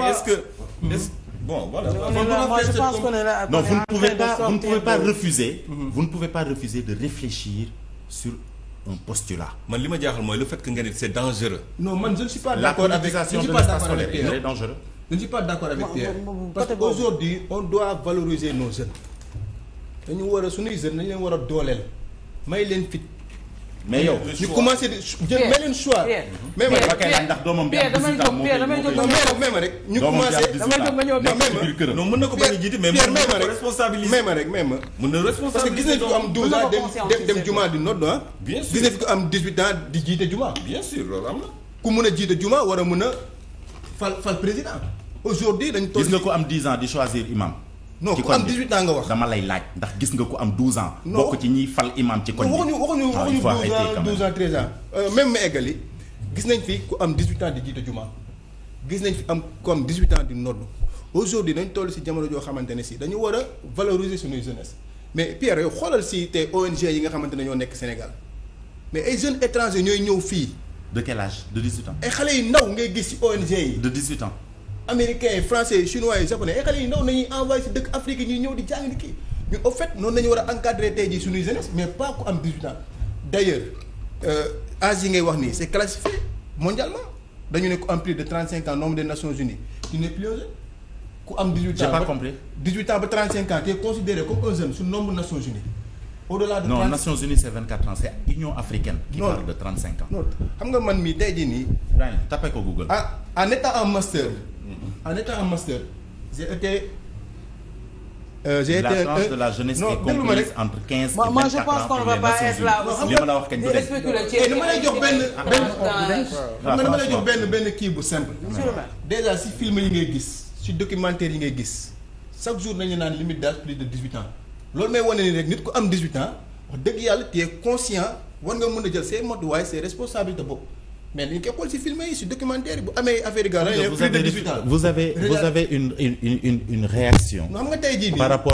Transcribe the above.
mais est-ce que est-ce bon voilà. non vous ne pouvez pas vous ne pouvez pas refuser. Mm-hmm. vous ne pouvez pas refuser de réfléchir sur un postulat. man li ma jaaxal mooy le fait que nga ne c'est dangereux. non man je ne suis pas d'accord avec la colonisation de l'espace scolaire est dangereux. je ne suis pas d'accord avec Pierre parce qu'aujourd'hui on doit valoriser nos jeunes dañu war a suñuy jeunes dañu leen war a dooleel may leen fit. mais yow ñu commencé di jël beneen choix. mais ma ndax doomam bi mais ma rek. ñu commencé damay non mën na ko bañ a jiite mais mën na ko responsabiliser ma rek mais ma. parce que gis nañ ko am 12 dem dem juma di nodd ah. bien sûr gis ko am 18 ans di jiite juma. bien sûr loolu am na. ku mën a jiite juma war a a fal fal président aujourd'hui dañ toll gis ko am 10 ans di choisir imam non ku am 18 ans nga wax dama lay laaj ndax gis nga ku am 12 ans. non ko ci ñiy fal imam ci koñ bi. waxuñu waxuñu waxuñu 12 ans 12 ans 13 ans. Euh, même ma eggali gis nañ fi ku am 18 ans di jiite juma gis nañ fi am ku am 18 ans di noddu aujourd'hui dañ toll si jamono joo xamante ne si dañu war a valoriser suñuy jeunesse mais Pierre yow xoolal si te ONG yi nga xamante ne ñoo nekk Sénégal mais ay jeunes étrangers ñooy ñëw fii. de quel âge de 18 ay xale yu ndaw ngay gis si ONG de 18 américains français chinois yi japonais ay xale yi ndaw nañuy envoyé si dëkk Afrique ñuy ñëw di jàng di kii mais au fait noonu nañu war a encadrer tey suñuy jeunesse mais pas ku am 18 ans d' ailleurs âge euh, ngay wax nii c' est classifié mondialement dañu ne ko am plus de 35 ans nombre des Nations Unies tu n' es plus un jeune ku am 18 ans am ba 35 ans tu es considéré comme un jeune su nombre Nations Unies. au-delà de non 30... Nations Unies c'est 24 xam nga man mii tey jii nii. Ibrahima tapé ko Google. ah en état en master. en étant en master euh, la tranche euh, de la jeunesse non, est comprise entre 15 et 24 ans. moi je pense qu'on va pas être là aussi. li ma la jox benn benn. xam ah, kii bu simple. déjà si film yi ngay gis si documentaire yi ngay gis chaque jour nañu naan limite d'âge plus de 18 ans. loolu may wane ni rek nit ku am 18 ans wax dëgg yàlla tu es war nga mën a jël say motuwaay say responsabilités bopp. mais dañ koy xool si film yi si documentaire bu amee affaire gars. vous avez vous avez une une une une réaction. tey jii par rapport.